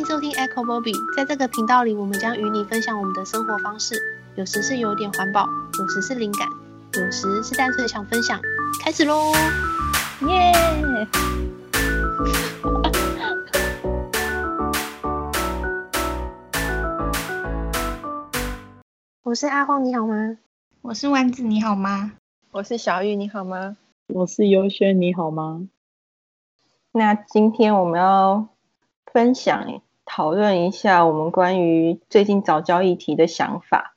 歡迎收聽 Echo Bobby，在這個頻道裡，我們將與你分享我們的生活方式。有時是有點環保，有時是靈感，有時是單純想分享。開始嘍！耶、yeah! 我是阿荒，你好嗎？我是丸子，你好嗎？我是小玉，你好嗎？我是尤軒，你好嗎？那今天我們要分享。討論一下我們關於最近藻礁議題的想法。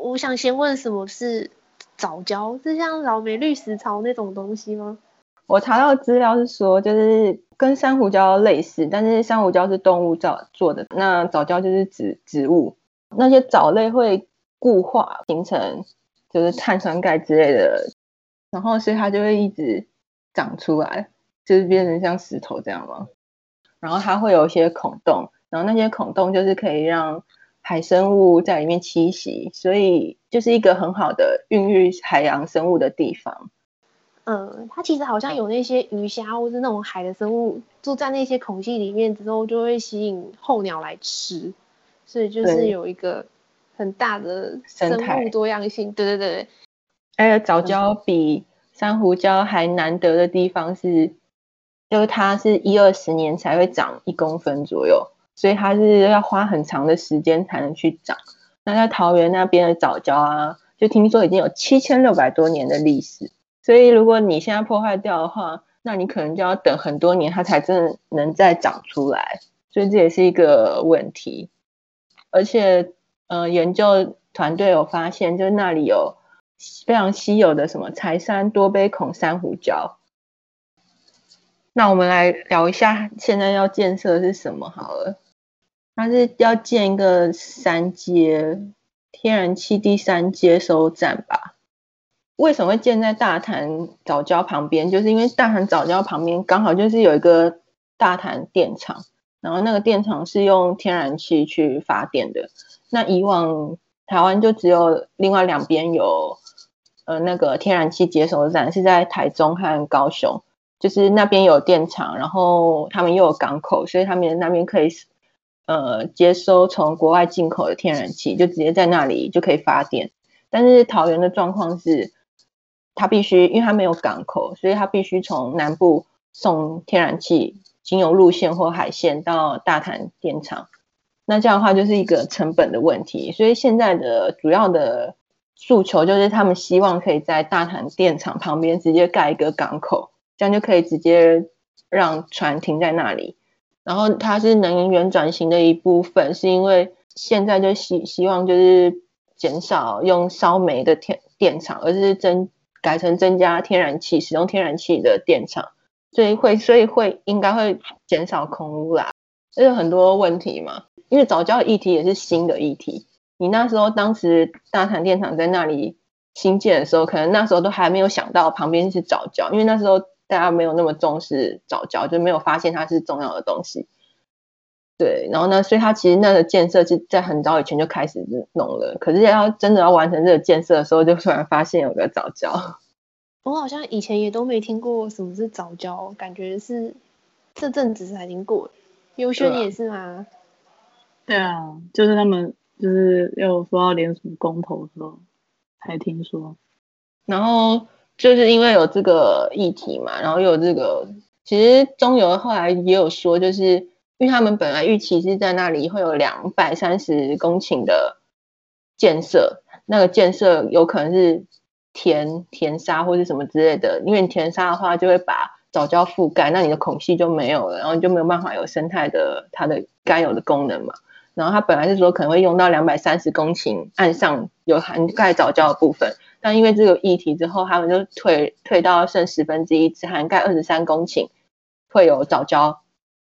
我想先問，什麼是藻礁？是像老梅綠石槽那種東西嗎？我查到資料是說，就是跟珊瑚礁類似，但是珊瑚礁是動物造做的，那藻礁就是植植物。那些藻類會固化形成，就是碳酸鈣之類的，然後所以它就會一直長出來，就是變成像石頭這樣嗎？然後它會有一些孔洞。然後那些孔洞就是可以讓海生物在裡面棲息，所以就是一個很好的孕育海洋生物的地方。嗯，它其實好像有那些魚蝦或是那種海的生物住在那些孔隙裡面之後，就會吸引候鳥來吃，所以就是有一個很大的生物多樣性。對，對對對。哎，藻礁比珊瑚礁還難得的地方是，就是它是一二十年才會長一公分左右。所以它是要花很長的時間才能去長。那在桃園那邊的藻礁啊，就聽說已經有七千六百多年的歷史。所以如果你現在破壞掉的話，那你可能就要等很多年，它才真的能再長出來。所以這也是一個問題。而且，呃，研究團隊有發現，就是那裡有非常稀有的什麼柴山多杯孔珊瑚礁。那我們來聊一下，現在要建設的是什麼好了。它是要建一個三接，天然氣第三接收站吧？為什麼會建在大潭藻礁旁邊？就是因為大潭藻礁旁邊剛好就是有一個大潭電廠，然後那個電廠是用天然氣去發電的。那以往台灣就只有另外兩邊有，呃，那個天然氣接收站是在台中和高雄，就是那邊有電廠，然後他們又有港口，所以他們那邊可以。呃，接收從國外進口的天然氣，就直接在那裡就可以發電。但是桃園的狀況是，它必須，因為它沒有港口，所以它必須從南部送天然氣，經由路線或海線到大潭電廠。那這樣的話，就是一個成本的問題。所以現在的主要的訴求就是，他們希望可以在大潭電廠旁邊直接蓋一個港口，這樣就可以直接讓船停在那裡。然後它是能源轉型的一部分，是因為現在就希希望就是減少用燒煤的天電廠，而是增改成增加天然氣使用天然氣的電廠，所以會所以會應該會減少空污啦。這有很多問題嘛，因為藻礁的議題也是新的議題。你那時候當時大潭電廠在那裡興建的時候，可能那時候都還沒有想到旁邊是藻礁，因為那時候。大家沒有那麼重視藻礁，就沒有發現它是重要的東西。對，然後呢，所以它其實那個建設就在很早以前就開始弄了，可是要真的要完成這個建設的時候，就突然發現有個藻礁。我好像以前也都沒聽過什麼是藻礁，感覺是這陣子才聽過，優萱也是嗎？對啊，對啊，就是他們就是又說到連署公投的時候才聽說，然後。就是因為有這個議題嘛，然後又有這個，其實中油後來也有說，就是因為他們本來預期是在那裡會有兩百三十公頃的建設，那個建設有可能是填填沙或者什麼之類的，因為填沙的話就會把藻礁覆蓋，那你的孔隙就沒有了，然後你就沒有辦法有生態的它的該有的功能嘛。然後他本來是說可能會用到兩百三十公頃岸上有涵蓋藻礁的部分。但因為這個議題之後，他們就退退到剩十分之一，只涵蓋二十三公頃，會有藻礁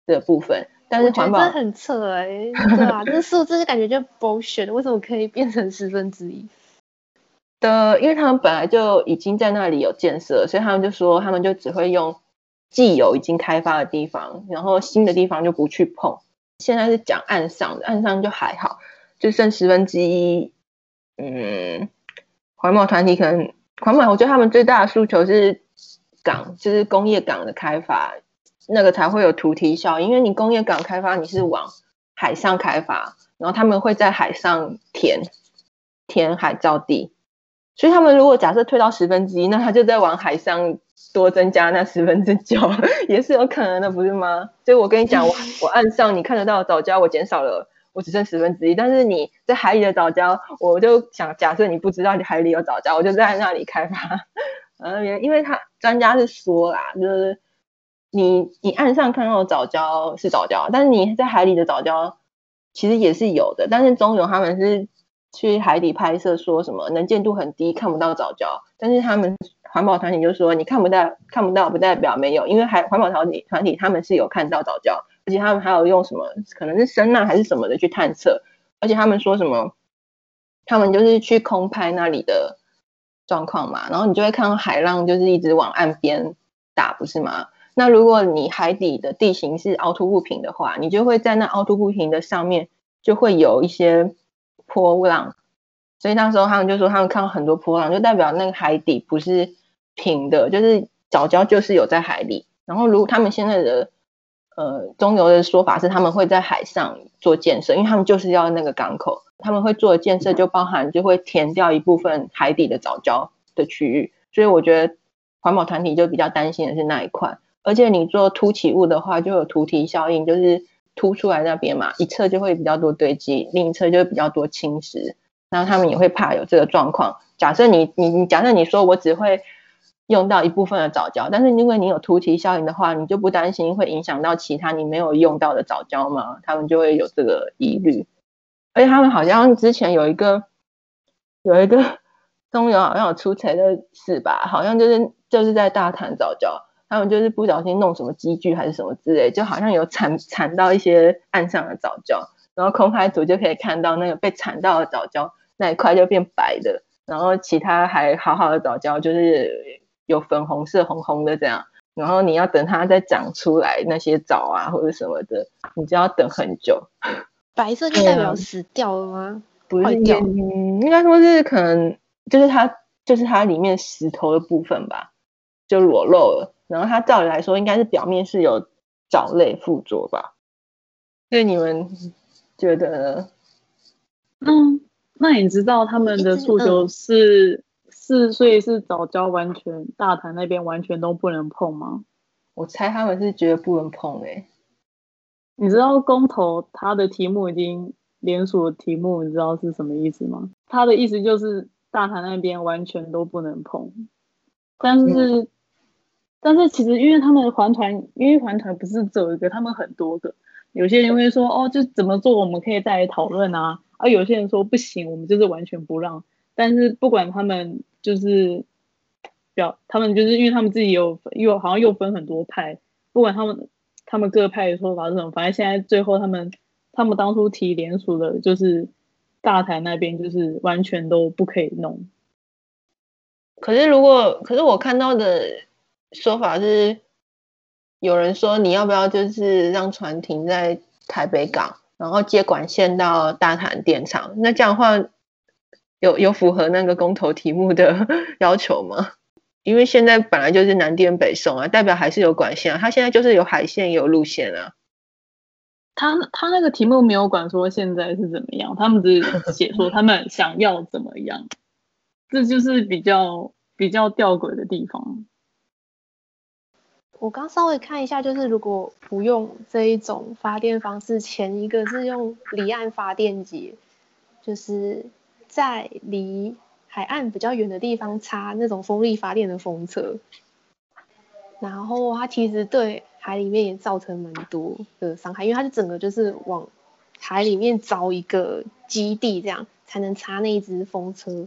的部分。但是環保這很扯哎、欸，對吧、啊？ 這個數字感覺就 bullshit，為什麼可以變成十分之一的？因為他們本來就已經在那裡有建設，所以他們就說他們就只會用既有已經開發的地方，然後新的地方就不去碰。現在是講岸上的，岸上就還好，就剩十分之一，嗯。環保團體可能，環保我覺得他們最大的訴求是港，就是工業港的開發，那個才會有土地效應。因為你工業港開發，你是往海上開發，然後他們會在海上填填海造地，所以他們如果假設推到十分之一，那他就在往海上多增加那十分之九，也是有可能的，不是嗎？所以，我跟你講， 我我岸上你看得到的藻礁，我減少了。我只剩十分之一，但是你在海裡的藻礁，我就想假設你不知道你海裡有藻礁，我就在那裡開發，呃、嗯，因為他專家是說啦，就是你你岸上看到的藻礁是藻礁，但是你在海裡的藻礁其實也是有的，但是中油他們是去海底拍攝，說什麼能見度很低看不到藻礁，但是他們環保團體就說你看不到，看不到不代表沒有，因為還環保團體團體他們是有看到藻礁。而且他們還有用什麼，可能是聲呐還是什麼的去探測。而且他們說什麼，他們就是去空拍那裡的狀況嘛，然後你就會看到海浪就是一直往岸邊打，不是嗎？那如果你海底的地形是凹凸不平的話，你就會在那凹凸不平的上面就會有一些波浪。所以那時候他們就說，他們看到很多波浪，就代表那個海底不是平的，就是藻礁就是有在海底。然後如果他們現在的。呃，中油的說法是他們會，在海上做建設，因為他們就是要那個港口，他們會做的建設就包含就會填掉一部分海底的藻礁的區域，所以我覺得環保團體就比較擔心的是那一塊。而且你做突起物的話，就有突堤效應，就是突出來那邊嘛，一側就會比較多堆積，另一側就會比較多侵蝕，然後他們也會怕有這個狀況。假設你你你，假設你說我只會。用到一部分的藻礁，但是因為你有突堤效應的話，你就不擔心會影響到其他你沒有用到的藻礁嗎？他們就會有這個疑慮。而且他們好像之前有一個有一個中油好像有出事的事吧？好像就是就是在大潭藻礁，他們就是不小心弄什麼機具還是什麼之類，就好像有鏟鏟到一些岸上的藻礁，然後空拍圖就可以看到那個被鏟到的藻礁，那一塊就變白的，然後其他還好好的藻礁就是。有粉紅色、紅紅的這樣，然後你要等它再長出來那些藻啊或者什麼的，你就要等很久。白色就代表死掉了嗎？嗯、不會掉。嗯，應該說是可能就是它就是它裡面石頭的部分吧，就裸露了。然後它照理來說應該是表面是有藻類附着吧？所以你們覺得嗯，那你知道他們的訴求是？是，所以是藻礁完全大潭那邊完全都不能碰嗎？我猜他們是覺得不能碰哎、欸。你知道公投他的題目已經連鎖題目，你知道是什麼意思嗎？他的意思就是大潭那邊完全都不能碰，但是、嗯、但是其實因為他們環團，因為環團不是只有一個，他們很多個。有些人會說哦，就怎麼做我們可以再來討論啊，而有些人說不行，我們就是完全不讓。但是不管他們就是表，他們就是因為他們自己有又好像又分很多派，不管他們他們各派的說法是什麼，反正現在最後他們他們當初提聯署的，就是大潭那邊就是完全都不可以弄。可是如果可是我看到的說法是，有人說你要不要就是讓船停在台北港，然後接管線到大潭電廠，那這樣的話。有有符合那個公投題目的要求嗎？因為現在本來就是南電北送啊，代表還是有管線啊，他現在就是有海線也有路線啊。他他那個題目沒有管說現在是怎麼樣，他們只是寫說他們想要怎麼樣， 這就是比較比較吊詭的地方。我剛稍微看一下，就是如果不用這一種發電方式，前一個是用離岸發電機，就是。在離海岸比較遠的地方插那種風力發電的風車，然後它其實對海裡面也造成蠻多的傷害，因為它整個就是往海裡面鑿一個基地，這樣才能插那一隻風車，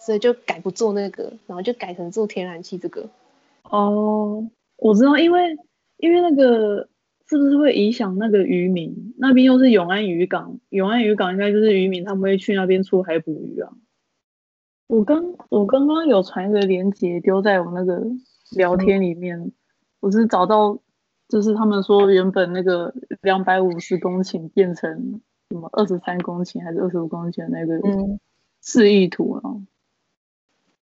所以就改不做那個，然後就改成做天然氣這個。哦，我知道，因為因為那個。是不是會影響那個漁民？那邊又是永安漁港，永安漁港應該就是漁民他們會去那邊出海捕魚啊。我剛我剛剛有傳一個連結丟在我那個聊天裡面，嗯、我是找到就是他們說原本那個兩百五十公頃變成什麼二十三公頃還是二十五公頃那個示意圖啊。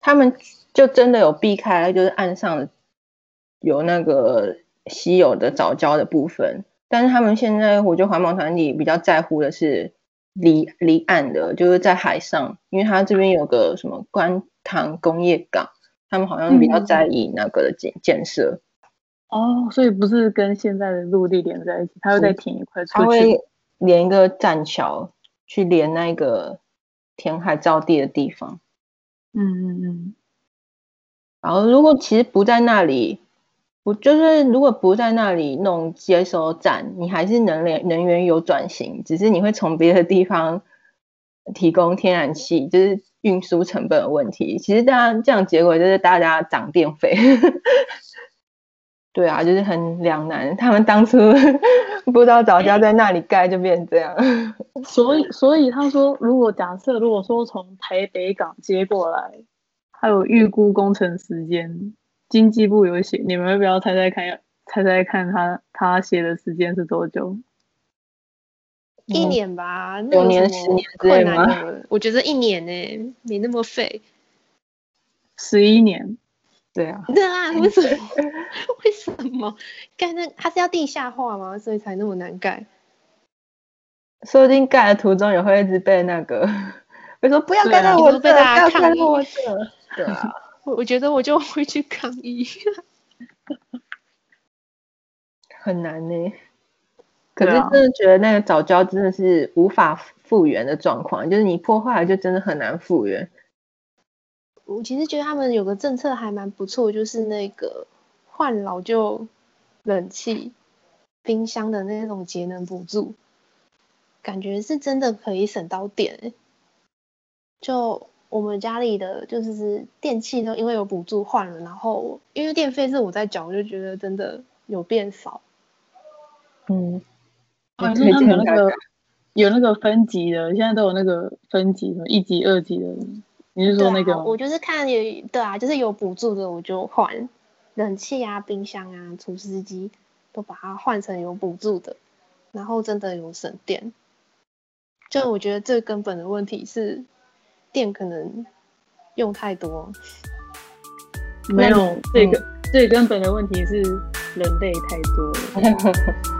他們就真的有避開，就是岸上有那個。稀有的藻礁的部分，但是他們現在，我覺得環保團體比較在乎的是離離岸的，就是在海上，因為他這邊有個什麼觀塘工業港，他們好像比較在意那個的建建設，嗯。哦，所以不是跟現在的陸地連在一起，他會再停一塊，他會連一個棧橋去連那個填海造地的地方。嗯嗯嗯。然後，如果其實不在那裡。我就是，如果不在那裡弄接收站，你還是能能源有轉型，只是你會從別的地方提供天然氣，就是運輸成本的問題。其實大家這樣結果就是大家漲電費。 對啊，就是很兩難。他們當初 不知道早就在那裡蓋，就變這樣。 所以，所以他說，如果假設，如果說從台北港接過來，他有預估工程時間。經濟部有寫，你們不要猜猜看？猜猜看他他寫的時間是多久？嗯、一年吧，那麼麼十年對嗎我覺得一年呢、欸，沒那麼費。十一年？對啊。對啊， 為什麼？為什麼蓋那他、個、是要地下化嗎？所以才那麼難蓋。說不定蓋的途中也會一直被那個，為什麼不要蓋到我這？不要蓋到我這？對啊。我覺得我就會去抗議，很難呢、欸。啊、可是真的覺得那個藻礁真的是無法復原的狀況，就是你破壞了就真的很難復原。我其實覺得他們有個政策還蠻不錯，就是那個換老舊冷氣、冰箱的那種節能補助，感覺是真的可以省到電、欸、就。我們家裡的就是電器都因為有補助換了，然後因為電費是我在繳，我就覺得真的有變少。嗯，打打有、那個，有那個分級的，現在都有那個分級的，什麼一級、二級的。你是說那個？啊、我就是看有，對啊，就是有補助的我就換，冷氣啊、冰箱啊、除濕機都把它換成有補助的，然後真的有省電。就我覺得最根本的問題是。電可能用太多，沒有最根最根本的問題是人類太多了。